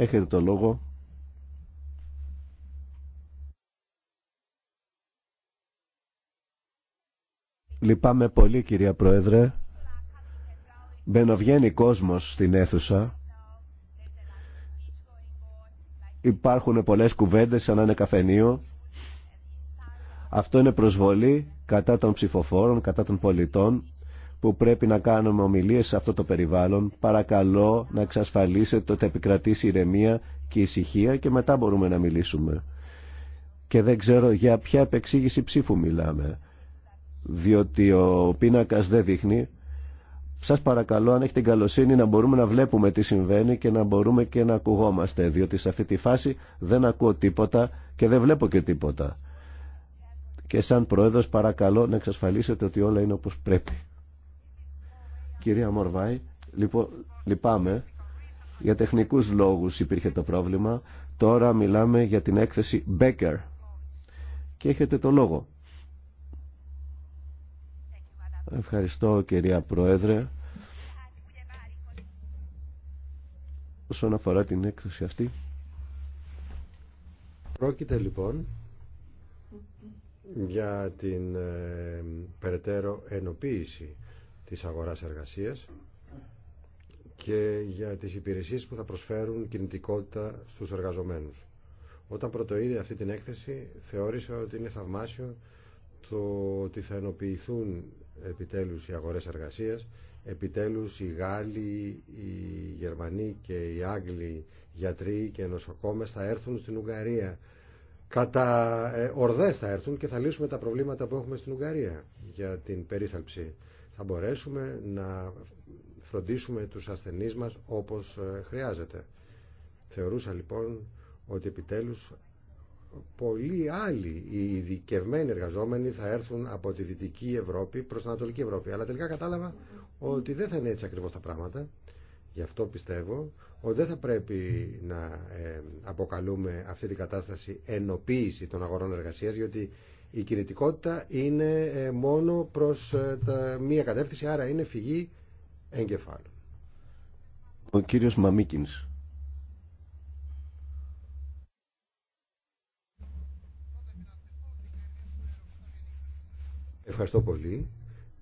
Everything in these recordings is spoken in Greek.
Έχετε το λόγο. Λυπάμαι πολύ κυρία Πρόεδρε. Μπαινοβγαίνει κόσμος στην αίθουσα. Υπάρχουν πολλές κουβέντες σαν να είναι καφενείο. Αυτό είναι προσβολή κατά των ψηφοφόρων, κατά των πολιτών που πρέπει να κάνουμε ομιλίες σε αυτό το περιβάλλον. Παρακαλώ να εξασφαλίσετε ότι επικρατήσει ηρεμία και ησυχία και μετά μπορούμε να μιλήσουμε. Και δεν ξέρω για ποια επεξήγηση ψήφου μιλάμε, διότι ο πίνακας δεν δείχνει. Σας παρακαλώ αν έχετε την καλοσύνη να μπορούμε να βλέπουμε τι συμβαίνει και να μπορούμε και να ακουγόμαστε, διότι σε αυτή τη φάση δεν ακούω τίποτα και δεν βλέπω και τίποτα. Και σαν Πρόεδρος παρακαλώ να εξασφαλίσετε ότι όλα είναι όπως πρέπει. Κυρία Μορβάη, λοιπόν, λυπάμαι. Για τεχνικούς λόγους υπήρχε το πρόβλημα. Τώρα μιλάμε για την έκθεση Becker. Και έχετε το λόγο. Ευχαριστώ κυρία Πρόεδρε. Όσον αφορά την έκθεση αυτή. Πρόκειται λοιπόν για την ε, περαιτέρω ενοποίηση της αγοράς εργασίας και για τις υπηρεσίες που θα προσφέρουν κινητικότητα στους εργαζομένους. Όταν πρωτοείδε αυτή την έκθεση θεώρησα ότι είναι θαυμάσιο το ότι θα ενοποιηθούν επιτέλους οι αγορές εργασίας, επιτέλους οι Γάλλοι, οι Γερμανοί και οι Άγγλοι γιατροί και νοσοκόμες θα έρθουν στην Ουγγαρία. Κατά ε, ορδές θα έρθουν και θα λύσουμε τα προβλήματα που έχουμε στην Ουγγαρία για την περίθαλψη θα μπορέσουμε να φροντίσουμε τους ασθενείς μας όπως ε, χρειάζεται. Θεωρούσα λοιπόν ότι επιτέλους πολλοί άλλοι οι ειδικευμένοι εργαζόμενοι θα έρθουν από τη Δυτική Ευρώπη προς την Ανατολική Ευρώπη. Αλλά τελικά κατάλαβα ότι δεν θα είναι έτσι ακριβώς τα πράγματα. Γι' αυτό πιστεύω ότι δεν θα πρέπει να ε, αποκαλούμε αυτή την κατάσταση ενοποίηση των αγορών εργασίας, γιατί η κινητικότητα είναι ε, μόνο προς ε, τα μία κατεύθυνση, άρα είναι φυγή εγκεφάλου. Ο κύριος Μαμίκινς. Ευχαριστώ πολύ.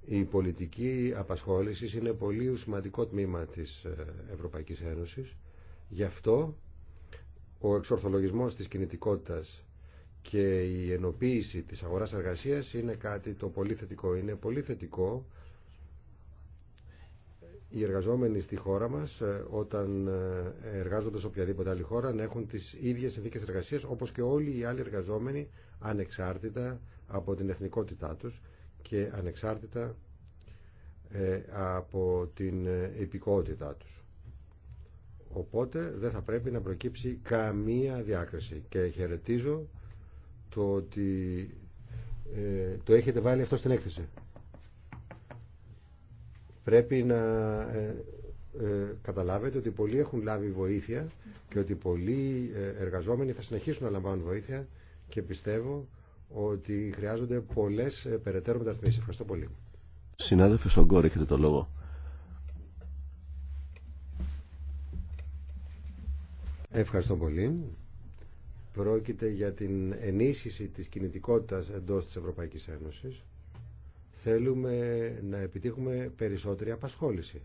Η πολιτική απασχόληση είναι πολύ σημαντικό τμήμα της ε, Ευρωπαϊκής Ένωσης. Γι' αυτό ο εξορθολογισμός της κινητικότητας και η ενοποίηση της αγοράς εργασίας είναι κάτι το πολύ θετικό. Είναι πολύ θετικό οι εργαζόμενοι στη χώρα μας ε, όταν ε, εργάζονται σε οποιαδήποτε άλλη χώρα να έχουν τις ίδιες συνθήκες εργασίας όπως και όλοι οι άλλοι εργαζόμενοι ανεξάρτητα από την εθνικότητά τους και ανεξάρτητα ε, από την υπηκότητά τους. Οπότε δεν θα πρέπει να προκύψει καμία διάκριση και χαιρετίζω το ότι ε, το έχετε βάλει αυτό στην έκθεση. Πρέπει να ε, ε, καταλάβετε ότι πολλοί έχουν λάβει βοήθεια και ότι πολλοί εργαζόμενοι θα συνεχίσουν να λαμβάνουν βοήθεια και πιστεύω ότι χρειάζονται πολλές περαιτέρω μεταρρυθμίσεις. Ευχαριστώ πολύ. Συνάδελφε Σογκόρ, έχετε το λόγο. Ευχαριστώ πολύ. Πρόκειται για την ενίσχυση της κινητικότητας εντός της Ευρωπαϊκής Ένωσης. Θέλουμε να επιτύχουμε περισσότερη απασχόληση.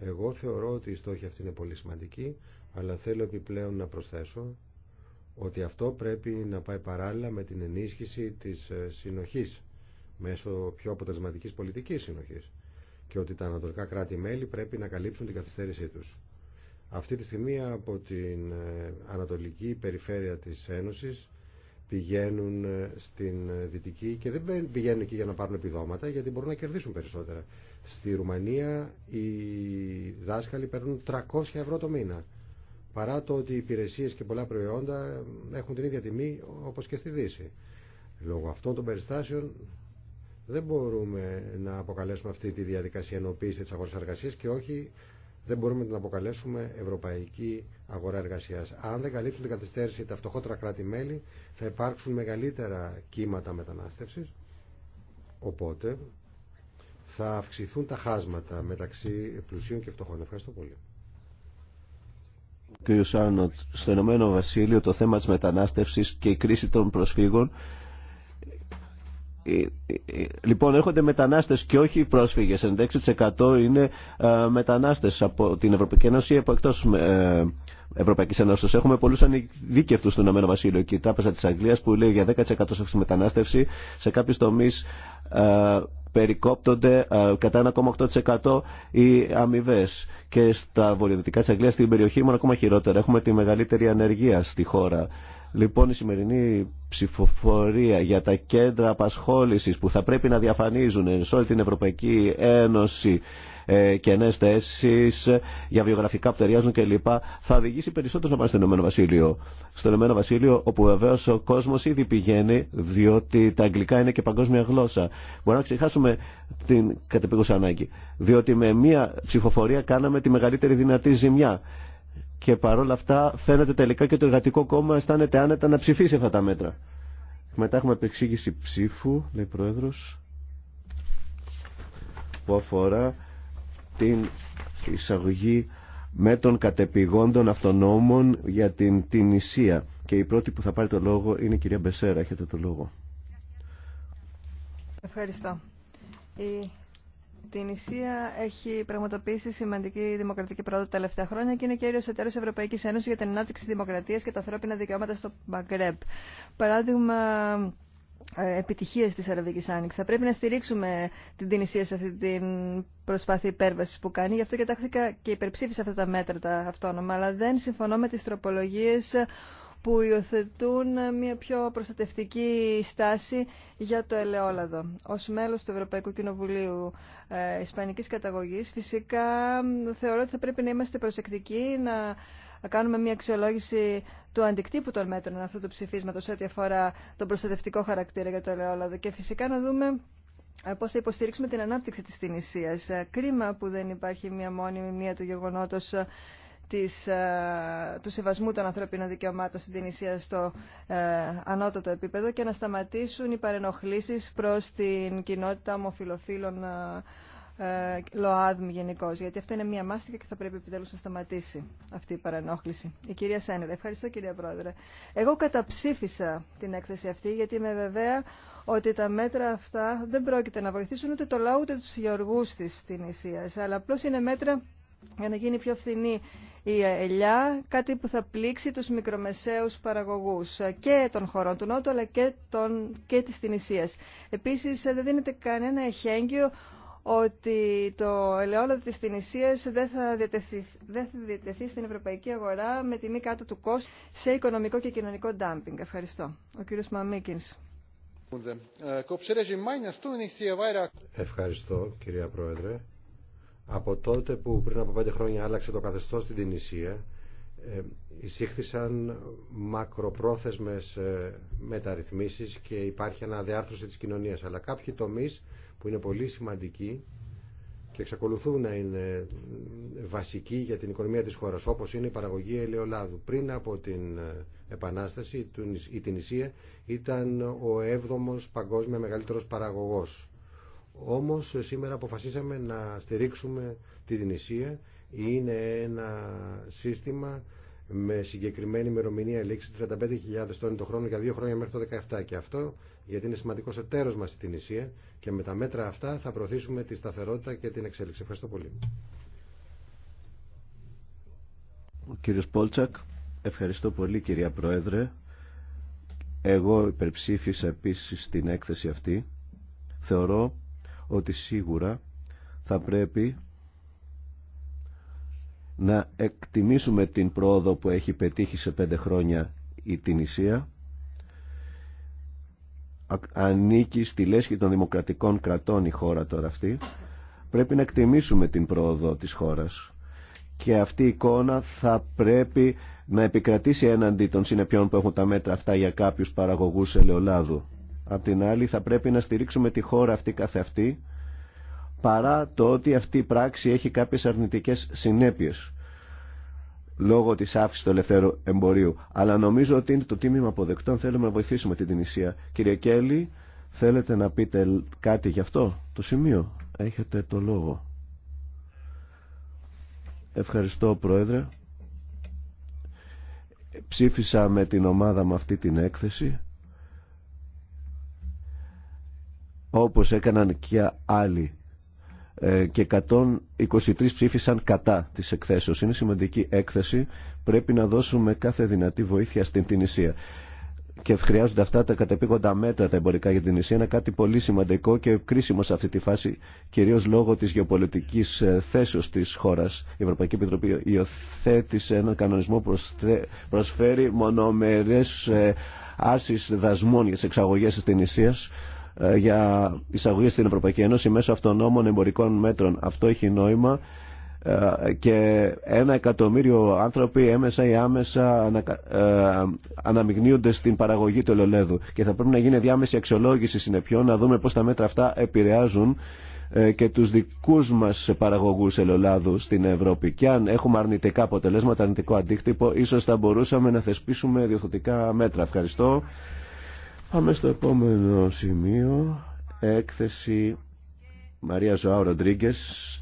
Εγώ θεωρώ ότι η στόχη αυτή είναι πολύ σημαντική, αλλά θέλω επιπλέον να προσθέσω ότι αυτό πρέπει να πάει παράλληλα με την ενίσχυση της ε, συνοχής μέσω πιο αποτελεσματικής πολιτικής συνοχής και ότι τα ανατολικά κράτη-μέλη πρέπει να καλύψουν την καθυστέρησή τους. Αυτή τη στιγμή από την ε, ανατολική περιφέρεια της Ένωσης πηγαίνουν ε, στην ε, Δυτική και δεν πηγαίνουν εκεί για να πάρουν επιδόματα γιατί μπορούν να κερδίσουν περισσότερα. Στη Ρουμανία οι δάσκαλοι παίρνουν 300 ευρώ το μήνα παρά το ότι οι υπηρεσίες και πολλά προϊόντα έχουν την ίδια τιμή όπως και στη Δύση. Λόγω αυτών των περιστάσεων δεν μπορούμε να αποκαλέσουμε αυτή τη διαδικασία ενοποίηση της αγοράς εργασίας και όχι δεν μπορούμε να την αποκαλέσουμε ευρωπαϊκή αγορά εργασία. Αν δεν καλύψουν την καθυστέρηση τα φτωχότερα κράτη-μέλη, θα υπάρξουν μεγαλύτερα κύματα μετανάστευση. Οπότε θα αυξηθούν τα χάσματα μεταξύ πλουσίων και φτωχών. Ευχαριστώ πολύ. Κύριο Σάρνοτ, στο Ηνωμένο Βασίλειο το θέμα της μετανάστευσης και η κρίση των προσφύγων ε, ε, ε, λοιπόν, έρχονται μετανάστες και όχι οι πρόσφυγες. 96% είναι μετανάστες από την Ευρωπαϊκή Ένωση ή από εκτός Ευρωπαϊκής Ένωσης. Έχουμε πολλούς ανειδίκευτους στον Ηνωμένο Βασίλειο και η Τράπεζα της Αγγλίας που λέει για 10% σε μετανάστευση σε κάποιους τομείς περικόπτονται κατά 1,8% οι αμοιβέ. Και στα βορειοδυτικά της Αγγλίας, στην περιοχή, μόνο ακόμα χειρότερα. Έχουμε τη μεγαλύτερη ανεργία στη χώρα. Λοιπόν, η σημερινή ψηφοφορία για τα κέντρα απασχόλησης που θα πρέπει να διαφανίζουν σε όλη την Ευρωπαϊκή Ένωση ε, κενέ θέσει για βιογραφικά που ταιριάζουν κλπ. θα οδηγήσει περισσότερο να πάνε στο Ηνωμένο Βασίλειο. Στο Ηνωμένο Βασίλειο, όπου βεβαίω ο κόσμο ήδη πηγαίνει, διότι τα αγγλικά είναι και παγκόσμια γλώσσα. Μπορεί να ξεχάσουμε την κατεπίγουσα ανάγκη. Διότι με μία ψηφοφορία κάναμε τη μεγαλύτερη δυνατή ζημιά και παρόλα αυτά φαίνεται τελικά και το εργατικό κόμμα αισθάνεται άνετα να ψηφίσει αυτά τα μέτρα. Μετά έχουμε επεξήγηση ψήφου, λέει Πρόεδρος, που αφορά την εισαγωγή μέτρων κατεπηγόντων αυτονόμων για την, νησία. Και η πρώτη που θα πάρει το λόγο είναι η κυρία Μπεσέρα. Έχετε το λόγο. Ευχαριστώ την Ισία έχει πραγματοποιήσει σημαντική δημοκρατική πρόοδο τα τελευταία χρόνια και είναι κύριο εταίρο Ευρωπαϊκή Ένωση για την ανάπτυξη δημοκρατία και τα ανθρώπινα δικαιώματα στο Μπαγκρέπ. Παράδειγμα ε, επιτυχίε τη Αραβική Άνοιξη. Θα πρέπει να στηρίξουμε την Τινησία σε αυτή την προσπάθεια υπέρβαση που κάνει. Γι' αυτό και τάχθηκα και υπερψήφισα αυτά τα μέτρα τα αυτόνομα. Αλλά δεν συμφωνώ με τι τροπολογίε που υιοθετούν μια πιο προστατευτική στάση για το ελαιόλαδο. Ως μέλος του Ευρωπαϊκού Κοινοβουλίου ε, Ισπανικής Καταγωγής φυσικά θεωρώ ότι θα πρέπει να είμαστε προσεκτικοί, να κάνουμε μια αξιολόγηση του αντικτύπου των μέτρων αυτού του ψηφίσματο ό,τι αφορά τον προστατευτικό χαρακτήρα για το ελαιόλαδο και φυσικά να δούμε ε, πώς θα υποστηρίξουμε την ανάπτυξη της Τινησίας. Ε, κρίμα που δεν υπάρχει μια μόνιμη μία του γεγονότος ε, της, ε, του σεβασμού των ανθρωπίνων δικαιωμάτων στην Τινησία στο ε, ανώτατο επίπεδο και να σταματήσουν οι παρενοχλήσεις προς την κοινότητα ομοφιλοφίλων ε, ε ΛΟΑΔΜ γενικώ. Γιατί αυτό είναι μία μάστιγα και θα πρέπει επιτέλους να σταματήσει αυτή η παρενόχληση. Η κυρία Σένερ. Ευχαριστώ κυρία Πρόεδρε. Εγώ καταψήφισα την έκθεση αυτή γιατί είμαι βεβαία ότι τα μέτρα αυτά δεν πρόκειται να βοηθήσουν ούτε το λαό ούτε τους γεωργούς της Τινησίας. Αλλά απλώς είναι μέτρα για να γίνει πιο φθηνή η ελιά, κάτι που θα πλήξει τους μικρομεσαίους παραγωγούς και των χωρών του Νότου αλλά και, των, και της Τινησίας. Επίσης ε, δεν δίνεται κανένα εχέγγυο ότι το ελαιόλαδο της Τινησίας δεν θα, διατεθεί, δεν θα διατεθεί στην ευρωπαϊκή αγορά με τιμή κάτω του κόστου σε οικονομικό και κοινωνικό ντάμπινγκ. Ευχαριστώ. Ο κύριος Μαμίκινς. Ευχαριστώ κυρία Πρόεδρε. Από τότε που πριν από πέντε χρόνια άλλαξε το καθεστώς στην Τινησία, ε, εισήχθησαν μακροπρόθεσμες ε, μεταρρυθμίσεις και υπάρχει αναδιάρθρωση της κοινωνίας. Αλλά κάποιοι τομείς που είναι πολύ σημαντικοί και εξακολουθούν να είναι βασικοί για την οικονομία της χώρας, όπως είναι η παραγωγή ελαιολάδου. Πριν από την ε, Επανάσταση, η Τινησία ήταν ο έβδομος παγκόσμια μεγαλύτερος παραγωγός όμως σήμερα αποφασίσαμε να στηρίξουμε τη Ισία Είναι ένα σύστημα με συγκεκριμένη ημερομηνία λήξη 35.000 τόνοι το χρόνο για δύο χρόνια μέχρι το 17 και αυτό γιατί είναι σημαντικό εταίρο μας στην Ισία και με τα μέτρα αυτά θα προωθήσουμε τη σταθερότητα και την εξέλιξη. Ευχαριστώ πολύ. Ο κύριος Πόλτσακ, ευχαριστώ πολύ κυρία Πρόεδρε. Εγώ υπερψήφισα επίσης την έκθεση αυτή. Θεωρώ ότι σίγουρα θα πρέπει να εκτιμήσουμε την πρόοδο που έχει πετύχει σε πέντε χρόνια η Τινησία ανήκει στη λέσχη των δημοκρατικών κρατών η χώρα τώρα αυτή πρέπει να εκτιμήσουμε την πρόοδο της χώρας και αυτή η εικόνα θα πρέπει να επικρατήσει έναντι των συνεπειών που έχουν τα μέτρα αυτά για κάποιους παραγωγούς ελαιολάδου Απ' την άλλη θα πρέπει να στηρίξουμε τη χώρα αυτή καθεαυτή παρά το ότι αυτή η πράξη έχει κάποιες αρνητικές συνέπειες λόγω της αύξησης του ελευθέρου εμπορίου. Αλλά νομίζω ότι είναι το τίμημα αποδεκτό αν θέλουμε να βοηθήσουμε την Τινησία. Κύριε Κέλλη, θέλετε να πείτε κάτι γι' αυτό το σημείο. Έχετε το λόγο. Ευχαριστώ Πρόεδρε. Ψήφισα με την ομάδα με αυτή την έκθεση. όπως έκαναν και άλλοι ε, και 123 ψήφισαν κατά της εκθέσεως. Είναι σημαντική έκθεση, πρέπει να δώσουμε κάθε δυνατή βοήθεια στην Τινησία. Και χρειάζονται αυτά τα κατεπήγοντα μέτρα τα εμπορικά για την Ισία... Είναι κάτι πολύ σημαντικό και κρίσιμο σε αυτή τη φάση, κυρίως λόγω της γεωπολιτικής ε, θέσεως της χώρας. Η Ευρωπαϊκή Επιτροπή υιοθέτησε έναν κανονισμό που προσφέρει μονομερές ε, άρσεις δασμών για τις εξαγωγές τη. Ε, για εισαγωγή στην Ευρωπαϊκή Ένωση μέσω αυτονόμων εμπορικών μέτρων. Αυτό έχει νόημα ε, και ένα εκατομμύριο άνθρωποι έμεσα ή άμεσα ανα, ε, αναμειγνύονται στην παραγωγή του ελαιολέδου και θα πρέπει να γίνει διάμεση αξιολόγηση συνεπιών να δούμε πώς τα μέτρα αυτά επηρεάζουν και τους δικούς μας παραγωγούς ελαιολάδου στην Ευρώπη και αν έχουμε αρνητικά αποτελέσματα, αρνητικό αντίκτυπο ίσως θα μπορούσαμε να θεσπίσουμε διορθωτικά μέτρα. Ευχαριστώ. Πάμε στο επόμενο σημείο. Έκθεση Μαρία Ζωάου Ροντρίγκε,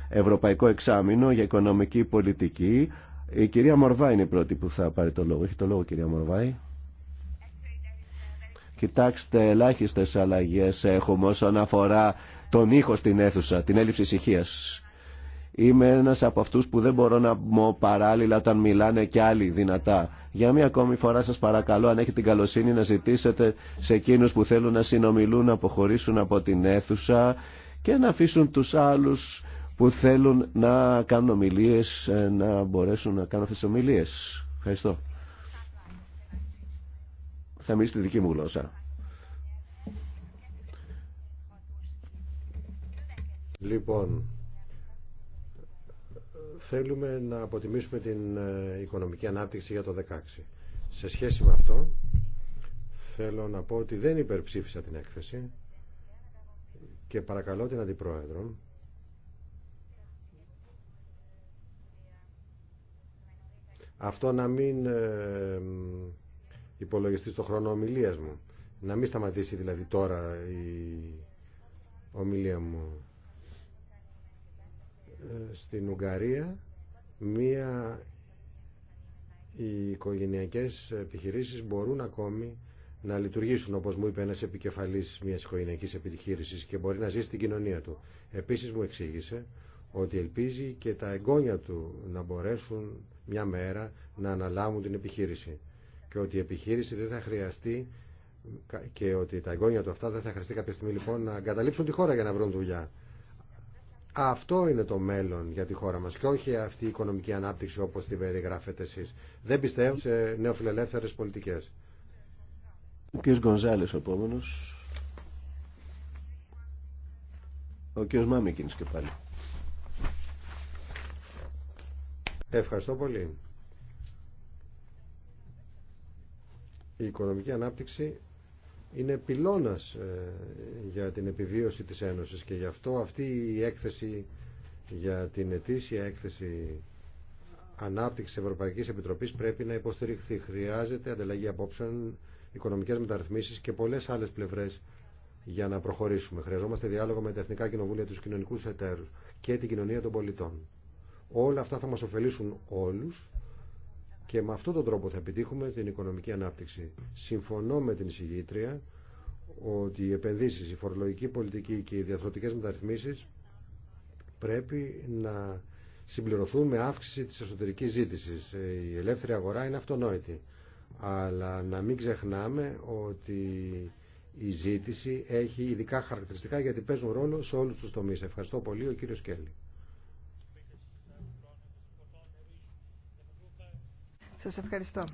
Ευρωπαϊκό Εξάμεινο για Οικονομική Πολιτική. Η κυρία Μορβάη είναι η πρώτη που θα πάρει το λόγο. Έχει το λόγο, κυρία Μορβάη. Κοιτάξτε, ελάχιστε αλλαγέ έχουμε όσον αφορά τον ήχο στην αίθουσα, την έλλειψη ησυχία. Είμαι ένα από αυτού που δεν μπορώ να μου παράλληλα όταν μιλάνε κι άλλοι δυνατά. Για μία ακόμη φορά σας παρακαλώ αν έχετε την καλοσύνη να ζητήσετε σε εκείνους που θέλουν να συνομιλούν να αποχωρήσουν από την αίθουσα και να αφήσουν τους άλλους που θέλουν να κάνουν ομιλίες ε, να μπορέσουν να κάνουν αυτές τις ομιλίες. Ευχαριστώ. Θα μιλήσω τη δική μου γλώσσα. Λοιπόν, θέλουμε να αποτιμήσουμε την ε, οικονομική ανάπτυξη για το 2016. Σε σχέση με αυτό, θέλω να πω ότι δεν υπερψήφισα την έκθεση και παρακαλώ την Αντιπρόεδρο αυτό να μην ε, υπολογιστεί στο χρόνο ομιλίας μου. Να μην σταματήσει δηλαδή τώρα η ομιλία μου. Ε, στην Ουγγαρία μία οι οικογενειακές επιχειρήσεις μπορούν ακόμη να λειτουργήσουν όπως μου είπε ένας επικεφαλής μιας οικογενειακής επιχείρησης και μπορεί να ζήσει στην κοινωνία του. Επίσης μου εξήγησε ότι ελπίζει και τα εγγόνια του να μπορέσουν μια μέρα να αναλάβουν την επιχείρηση και ότι η επιχείρηση δεν θα χρειαστεί και ότι τα εγγόνια του αυτά δεν θα χρειαστεί κάποια στιγμή λοιπόν να εγκαταλείψουν τη χώρα για να βρουν δουλειά. Αυτό είναι το μέλλον για τη χώρα μας και όχι αυτή η οικονομική ανάπτυξη όπως τη περιγράφετε εσείς. Δεν πιστεύω σε νεοφιλελεύθερες πολιτικές. Ο κ. Γκονζάλης ο Ο κ. Μάμικινς και πάλι. Ευχαριστώ πολύ. Η οικονομική ανάπτυξη είναι πυλώνας ε, για την επιβίωση της Ένωσης και γι' αυτό αυτή η έκθεση για την ετήσια έκθεση ανάπτυξης Ευρωπαϊκής Επιτροπής πρέπει να υποστηριχθεί. Χρειάζεται ανταλλαγή απόψεων, οικονομικές μεταρρυθμίσεις και πολλές άλλες πλευρές για να προχωρήσουμε. Χρειαζόμαστε διάλογο με τα Εθνικά Κοινοβούλια, τους κοινωνικούς εταίρους και την κοινωνία των πολιτών. Όλα αυτά θα μας ωφελήσουν όλους και με αυτόν τον τρόπο θα επιτύχουμε την οικονομική ανάπτυξη. Συμφωνώ με την εισηγήτρια ότι οι επενδύσεις, η φορολογική πολιτική και οι διαθροτικές μεταρρυθμίσεις πρέπει να συμπληρωθούν με αύξηση της εσωτερικής ζήτησης. Ε, η ελεύθερη αγορά είναι αυτονόητη. Αλλά να μην ξεχνάμε ότι η ζήτηση έχει ειδικά χαρακτηριστικά γιατί παίζουν ρόλο σε όλους τους τομείς. Ευχαριστώ πολύ ο κύριος Κέλλη. Σας ευχαριστώ.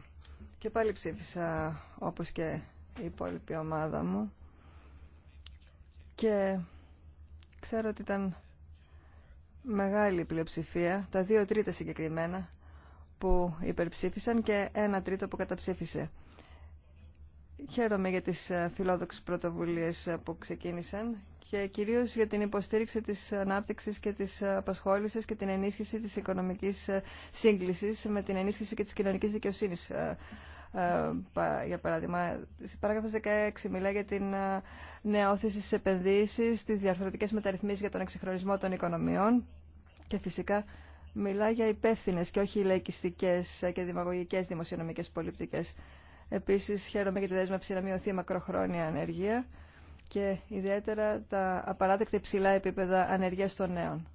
Και πάλι ψήφισα όπως και η υπόλοιπη ομάδα μου και ξέρω ότι ήταν μεγάλη πλειοψηφία, τα δύο τρίτα συγκεκριμένα που υπερψήφισαν και ένα τρίτο που καταψήφισε. Χαίρομαι για τις φιλόδοξες πρωτοβουλίες που ξεκίνησαν και κυρίως για την υποστήριξη της ανάπτυξης και της απασχόλησης και την ενίσχυση της οικονομικής ε, σύγκλησης με την ενίσχυση και της κοινωνικής δικαιοσύνης. Ε, ε, για παράδειγμα, η παράγραφος 16 μιλά για την νεόθεση στις επενδύσεις, τις διαρθρωτικές μεταρρυθμίσεις για τον εξυγχρονισμό των οικονομιών και φυσικά μιλά για υπεύθυνε και όχι λαϊκιστικές και δημαγωγικές δημοσιονομικές πολιτικές. Επίσης, χαίρομαι για τη δέσμευση να μειωθεί η μακροχρόνια ανεργία και ιδιαίτερα τα απαράδεκτα υψηλά επίπεδα ανεργίας των νέων.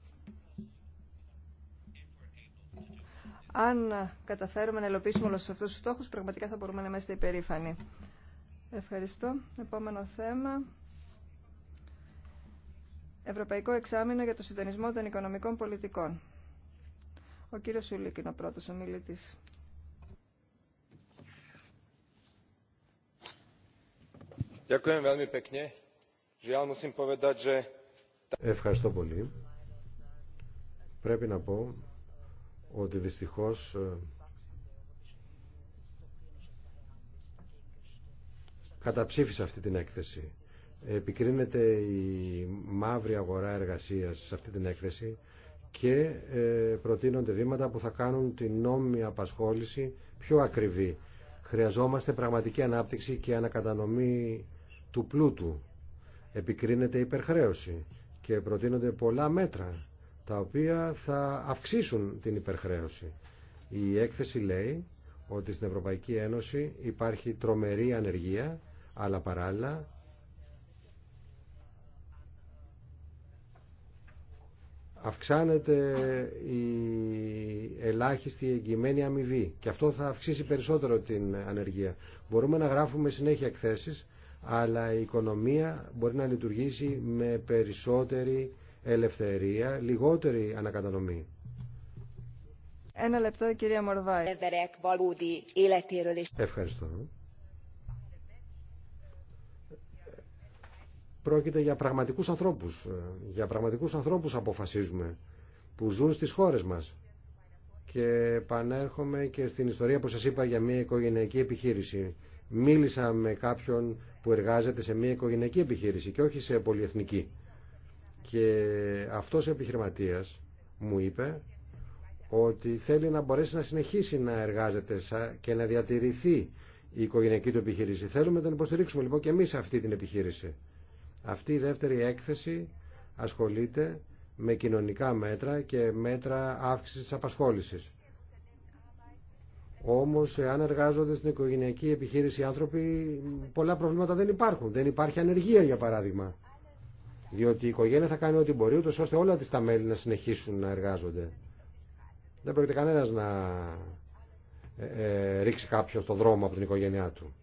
Αν καταφέρουμε να ελοπίσουμε όλους αυτούς τους στόχους, πραγματικά θα μπορούμε να είμαστε υπερήφανοι. Ευχαριστώ. Επόμενο θέμα. Ευρωπαϊκό Εξάμεινο για το Συντονισμό των Οικονομικών Πολιτικών. Ο κύριος Σουλίκ είναι ο πρώτος ομιλητής. Ďakujem Ευχαριστώ πολύ. Πρέπει να πω ότι δυστυχώς ε, καταψήφισα αυτή την έκθεση. Επικρίνεται η μαύρη αγορά εργασίας σε αυτή την έκθεση και ε, προτείνονται βήματα που θα κάνουν την νόμιμη απασχόληση πιο ακριβή. Χρειαζόμαστε πραγματική ανάπτυξη και ανακατανομή του πλούτου επικρίνεται υπερχρέωση και προτείνονται πολλά μέτρα τα οποία θα αυξήσουν την υπερχρέωση. Η έκθεση λέει ότι στην Ευρωπαϊκή Ένωση υπάρχει τρομερή ανεργία, αλλά παράλληλα αυξάνεται η ελάχιστη εγγυημένη αμοιβή και αυτό θα αυξήσει περισσότερο την ανεργία. Μπορούμε να γράφουμε συνέχεια εκθέσεις αλλά η οικονομία μπορεί να λειτουργήσει με περισσότερη ελευθερία, λιγότερη ανακατανομή. Ένα λεπτό, κυρία Μορβάη. Ευχαριστώ. Πρόκειται για πραγματικούς ανθρώπους. Για πραγματικούς ανθρώπους αποφασίζουμε που ζουν στις χώρες μας. Και επανέρχομαι και στην ιστορία που σας είπα για μια οικογενειακή επιχείρηση μίλησα με κάποιον που εργάζεται σε μια οικογενειακή επιχείρηση και όχι σε πολυεθνική. Και αυτός ο επιχειρηματίας μου είπε ότι θέλει να μπορέσει να συνεχίσει να εργάζεται και να διατηρηθεί η οικογενειακή του επιχείρηση. Θέλουμε να την υποστηρίξουμε λοιπόν και εμείς αυτή την επιχείρηση. Αυτή η δεύτερη έκθεση ασχολείται με κοινωνικά μέτρα και μέτρα αύξησης της απασχόλησης. Όμως εάν εργάζονται στην οικογενειακή επιχείρηση άνθρωποι πολλά προβλήματα δεν υπάρχουν. Δεν υπάρχει ανεργία για παράδειγμα. Διότι η οικογένεια θα κάνει ό,τι μπορεί ούτως ώστε όλα τις τα μέλη να συνεχίσουν να εργάζονται. Δεν πρόκειται κανένας να ε, ε ρίξει κάποιον στον δρόμο από την οικογένειά του.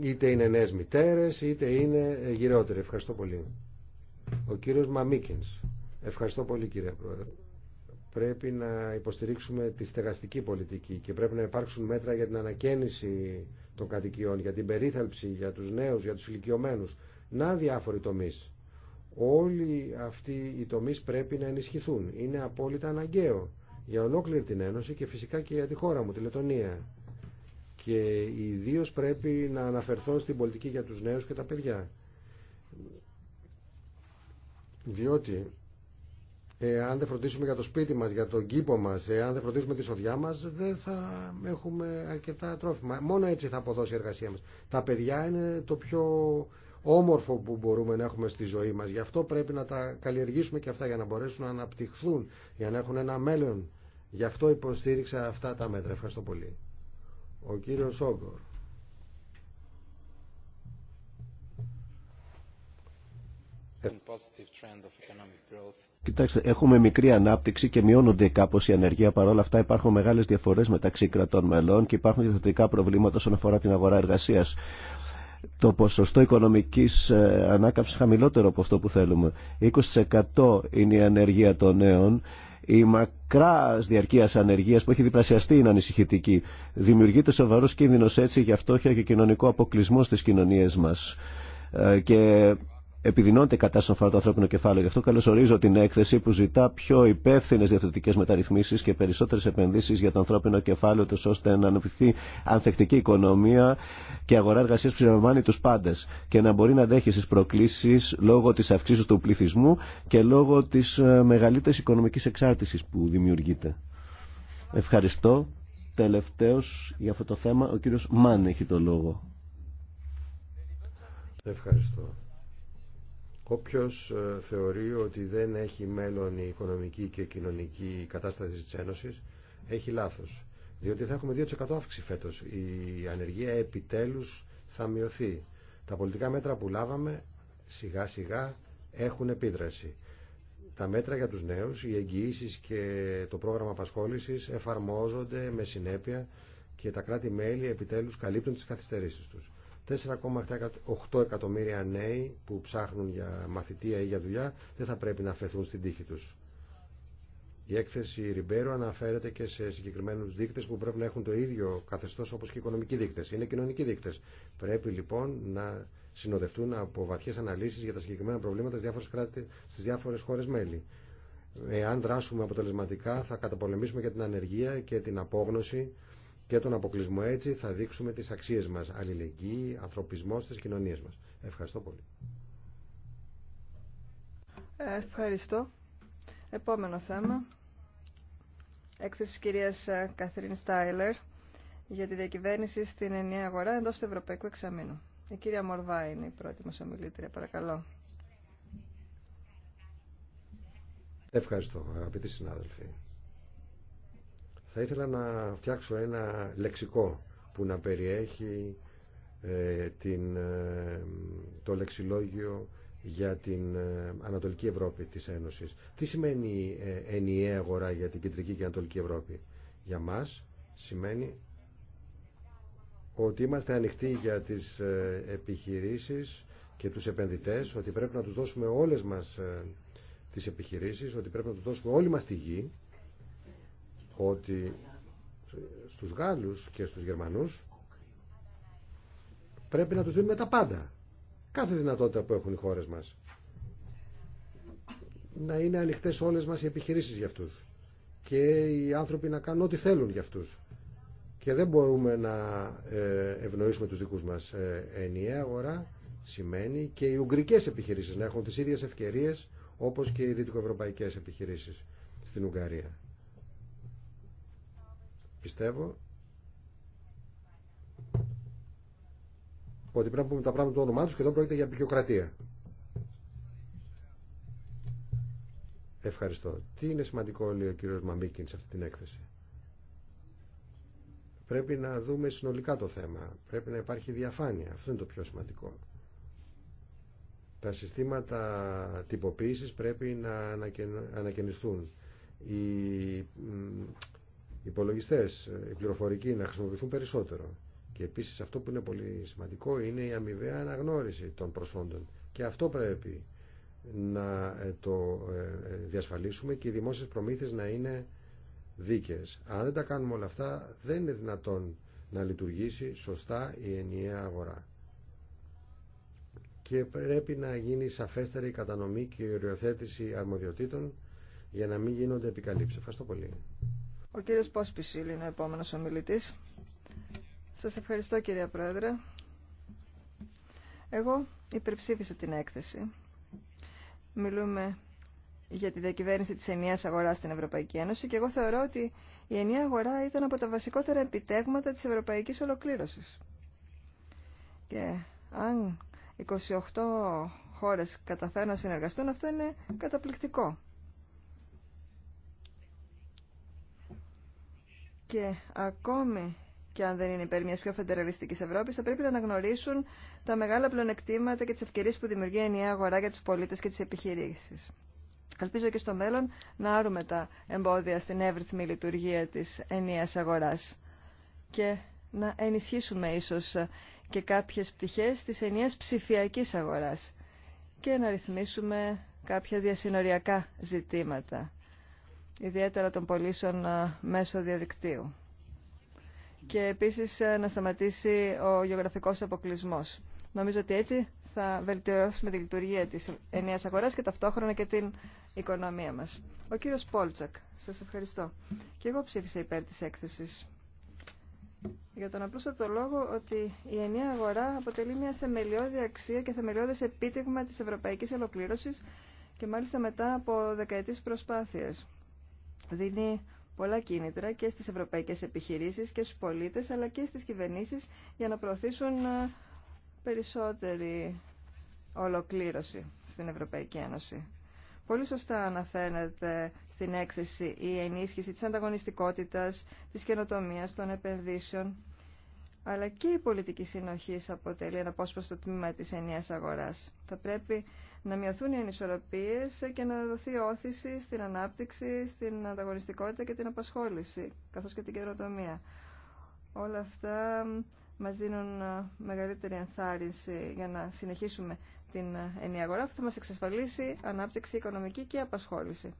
Είτε είναι νέες μητέρες, είτε είναι γυρεότεροι. Ευχαριστώ πολύ. Ο κύριος Μαμίκινς. Ευχαριστώ πολύ κύριε Πρόεδρε πρέπει να υποστηρίξουμε τη στεγαστική πολιτική και πρέπει να υπάρξουν μέτρα για την ανακαίνιση των κατοικιών, για την περίθαλψη, για τους νέους, για τους ηλικιωμένους. Να διάφοροι τομείς. Όλοι αυτοί οι τομείς πρέπει να ενισχυθούν. Είναι απόλυτα αναγκαίο για ολόκληρη την Ένωση και φυσικά και για τη χώρα μου, τη Λετωνία. Και ιδίω πρέπει να αναφερθώ στην πολιτική για τους νέους και τα παιδιά. Διότι αν δεν φροντίσουμε για το σπίτι μας, για τον κήπο μας, αν δεν φροντίσουμε τη σωδιά μας, δεν θα έχουμε αρκετά τρόφιμα. Μόνο έτσι θα αποδώσει η εργασία μας. Τα παιδιά είναι το πιο όμορφο που μπορούμε να έχουμε στη ζωή μας. Γι' αυτό πρέπει να τα καλλιεργήσουμε και αυτά για να μπορέσουν να αναπτυχθούν, για να έχουν ένα μέλλον. Γι' αυτό υποστήριξα αυτά τα μέτρα. Ευχαριστώ πολύ. Ο κύριος Όγκορ. Κοιτάξτε, έχουμε μικρή ανάπτυξη και μειώνονται κάπω η ανεργία. Παρ' όλα αυτά υπάρχουν μεγάλε διαφορέ μεταξύ κρατών μελών και υπάρχουν διαθετικά προβλήματα όσον αφορά την αγορά εργασία. Το ποσοστό οικονομική ε, ανάκαμψη χαμηλότερο από αυτό που θέλουμε. 20% είναι η ανεργία των νέων. Η μακρά διαρκεία ανεργία που έχει διπλασιαστεί είναι ανησυχητική. Δημιουργείται σοβαρό κίνδυνο έτσι για φτώχεια και κοινωνικό αποκλεισμό στι κοινωνίε μα. Ε, και επιδεινώνεται η κατάσταση αφορά το ανθρώπινο κεφάλαιο. Γι' αυτό καλωσορίζω την έκθεση που ζητά πιο υπεύθυνε διαθετικέ μεταρρυθμίσει και περισσότερε επενδύσει για το ανθρώπινο κεφάλαιο, τους, ώστε να αναπτυχθεί ανθεκτική οικονομία και αγορά εργασία που συμβαίνει του πάντε και να μπορεί να αντέχει στι προκλήσει λόγω τη αυξήσεω του πληθυσμού και λόγω τη ε, μεγαλύτερη οικονομική εξάρτηση που δημιουργείται. Ευχαριστώ. Τελευταίο για αυτό το θέμα ο κύριο Μάν έχει το λόγο. Ευχαριστώ. Όποιος ε, θεωρεί ότι δεν έχει μέλλον η οικονομική και κοινωνική κατάσταση της Ένωσης, έχει λάθος. Διότι θα έχουμε 2% αύξηση φέτος. Η ανεργία επιτέλους θα μειωθεί. Τα πολιτικά μέτρα που λάβαμε σιγά σιγά έχουν επίδραση. Τα μέτρα για τους νέους, οι εγγυήσει και το πρόγραμμα απασχόλησης εφαρμόζονται με συνέπεια και τα κράτη-μέλη επιτέλους καλύπτουν τις καθυστερήσεις τους. 4,8 εκατομμύρια νέοι που ψάχνουν για μαθητεία ή για δουλειά δεν θα πρέπει να αφαιθούν στην τύχη τους. Η έκθεση Ριμπέρο αναφέρεται και σε συγκεκριμένου δείκτε που πρέπει να έχουν το ίδιο καθεστώ όπω και οι οικονομικοί δείκτε. Είναι κοινωνικοί δείκτε. Πρέπει λοιπόν να συνοδευτούν από βαθιέ αναλύσει για τα συγκεκριμένα προβλήματα στι διάφορε χώρε μέλη. Εάν δράσουμε αποτελεσματικά, θα καταπολεμήσουμε και την ανεργία και την απόγνωση και τον αποκλεισμό. Έτσι θα δείξουμε τις αξίες μας, αλληλεγγύη, ανθρωπισμό στις κοινωνίες μας. Ευχαριστώ πολύ. Ευχαριστώ. Επόμενο θέμα. Έκθεση της κυρίας Καθρίν ε, Στάιλερ για τη διακυβέρνηση στην ενιαία αγορά εντός του Ευρωπαϊκού Εξαμήνου. Η κυρία Μορβά είναι η πρώτη μας ομιλήτρια. Παρακαλώ. Ευχαριστώ, αγαπητοί συνάδελφοι. Θα ήθελα να φτιάξω ένα λεξικό που να περιέχει ε, ε, το λεξιλόγιο για την ε, Ανατολική Ευρώπη της Ένωσης. Τι σημαίνει ενιαία αγορά για την Κεντρική και Ανατολική Ευρώπη. Για μας σημαίνει ότι είμαστε ανοιχτοί για τις επιχειρήσεις και τους επενδυτές, ότι πρέπει να τους δώσουμε όλες μας τις επιχειρήσεις, ότι πρέπει να τους δώσουμε όλη μας τη γη ότι στους Γάλλους και στους Γερμανούς πρέπει να τους δίνουμε τα πάντα. Κάθε δυνατότητα που έχουν οι χώρες μας. Να είναι ανοιχτές όλες μας οι επιχειρήσεις για αυτούς. Και οι άνθρωποι να κάνουν ό,τι θέλουν για αυτούς. Και δεν μπορούμε να ε, ευνοήσουμε τους δικούς μας ε, ενιαία αγορά. Σημαίνει και οι ουγγρικές επιχειρήσεις να έχουν τις ίδιες ευκαιρίες όπως και οι δυτικοευρωπαϊκές επιχειρήσεις στην Ουγγαρία. Πιστεύω ότι πρέπει να πούμε τα πράγματα του όνομά του και εδώ πρόκειται για πικιοκρατία. Ευχαριστώ. Τι είναι σημαντικό, λέει ο κύριος Μαμίκιν σε αυτή την έκθεση. Πρέπει να δούμε συνολικά το θέμα. Πρέπει να υπάρχει διαφάνεια. Αυτό είναι το πιο σημαντικό. Τα συστήματα τυποποίησης πρέπει να ανακαινιστούν. Οι Υπολογιστέ, ε, οι πληροφορικοί να χρησιμοποιηθούν περισσότερο. Και επίσης αυτό που είναι πολύ σημαντικό είναι η αμοιβαία αναγνώριση των προσόντων. Και αυτό πρέπει να ε, το ε, διασφαλίσουμε και οι δημόσιες προμήθειε να είναι δίκαιε. Αν δεν τα κάνουμε όλα αυτά δεν είναι δυνατόν να λειτουργήσει σωστά η ενιαία αγορά. Και πρέπει να γίνει σαφέστερη η κατανομή και η οριοθέτηση αρμοδιοτήτων για να μην γίνονται επικαλύψεις. Ευχαριστώ πολύ. Ο κύριος Πόσπισιλ είναι ο επόμενος ομιλητής. Σας ευχαριστώ κυρία Πρόεδρε. Εγώ υπερψήφισα την έκθεση. Μιλούμε για τη διακυβέρνηση της ενιαίας αγοράς στην Ευρωπαϊκή Ένωση και εγώ θεωρώ ότι η ενιαία αγορά ήταν από τα βασικότερα επιτέγματα της ευρωπαϊκής ολοκλήρωσης. Και αν 28 χώρες καταφέρουν να συνεργαστούν, αυτό είναι καταπληκτικό. Και ακόμη και αν δεν είναι υπέρ μια πιο φεντεραλιστική Ευρώπη, θα πρέπει να αναγνωρίσουν τα μεγάλα πλεονεκτήματα και τι ευκαιρίε που δημιουργεί η ενιαία αγορά για του πολίτε και τι επιχειρήσει. Ελπίζω και στο μέλλον να άρουμε τα εμπόδια στην εύρυθμη λειτουργία τη ενιαία αγορά και να ενισχύσουμε ίσω και κάποιε πτυχέ τη ενιαία ψηφιακή αγορά και να ρυθμίσουμε κάποια διασυνοριακά ζητήματα ιδιαίτερα των πωλήσεων ε, μέσω διαδικτύου. Και επίσης ε, να σταματήσει ο γεωγραφικός αποκλεισμός. Νομίζω ότι έτσι θα βελτιώσουμε τη λειτουργία της ενιαίας αγοράς και ταυτόχρονα και την οικονομία μας. Ο κύριος Πόλτσακ, σας ευχαριστώ. Και εγώ ψήφισα υπέρ της έκθεσης. Για τον απλούστατο λόγο ότι η ενιαία αγορά αποτελεί μια θεμελιώδη αξία και θεμελιώδες επίτευγμα της ευρωπαϊκής ολοκλήρωσης και μάλιστα μετά από δεκαετίες προσπάθειες δίνει πολλά κίνητρα και στις ευρωπαϊκές επιχειρήσεις και στους πολίτες αλλά και στις κυβερνήσεις για να προωθήσουν ε, περισσότερη ολοκλήρωση στην Ευρωπαϊκή Ένωση. Πολύ σωστά αναφέρεται στην έκθεση η ενίσχυση της ανταγωνιστικότητας, της καινοτομίας, των επενδύσεων, αλλά και η πολιτική συνοχή αποτελεί ένα πόσπαστο τμήμα της ενιαίας αγοράς. Θα πρέπει να μειωθούν οι ανισορροπίες και να δοθεί όθηση στην ανάπτυξη, στην ανταγωνιστικότητα και την απασχόληση, καθώς και την καιροτομία. Όλα αυτά μας δίνουν μεγαλύτερη ενθάρρυνση για να συνεχίσουμε την ενιαγορά, αγορά. θα μας εξασφαλίσει ανάπτυξη οικονομική και απασχόληση.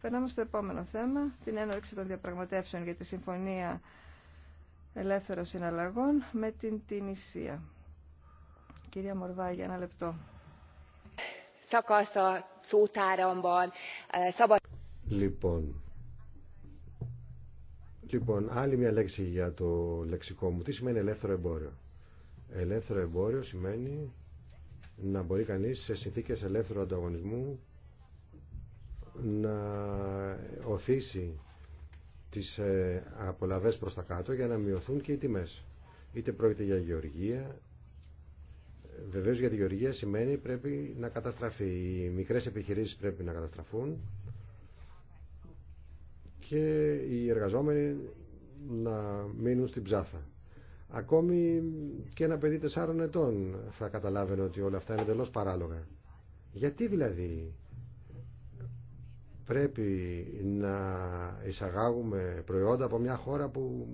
Περνάμε στο επόμενο θέμα, την έναρξη των διαπραγματεύσεων για τη Συμφωνία Ελεύθερων Συναλλαγών με την Τινησία. Κυρία Μορβά, ένα λεπτό. Λοιπόν, λοιπόν, άλλη μια λέξη για το λεξικό μου. Τι σημαίνει ελεύθερο εμπόριο. Ελεύθερο εμπόριο σημαίνει να μπορεί κανείς σε συνθήκες ελεύθερου ανταγωνισμού να οθήσει τις ε, απολαβές προς τα κάτω για να μειωθούν και οι τιμές. Είτε πρόκειται για γεωργία, Βεβαίω για τη γεωργία σημαίνει πρέπει να καταστραφεί. Οι μικρές επιχειρήσεις πρέπει να καταστραφούν και οι εργαζόμενοι να μείνουν στην ψάθα. Ακόμη και ένα παιδί 4 ετών θα καταλάβαινε ότι όλα αυτά είναι εντελώ παράλογα. Γιατί δηλαδή πρέπει να εισαγάγουμε προϊόντα από μια χώρα που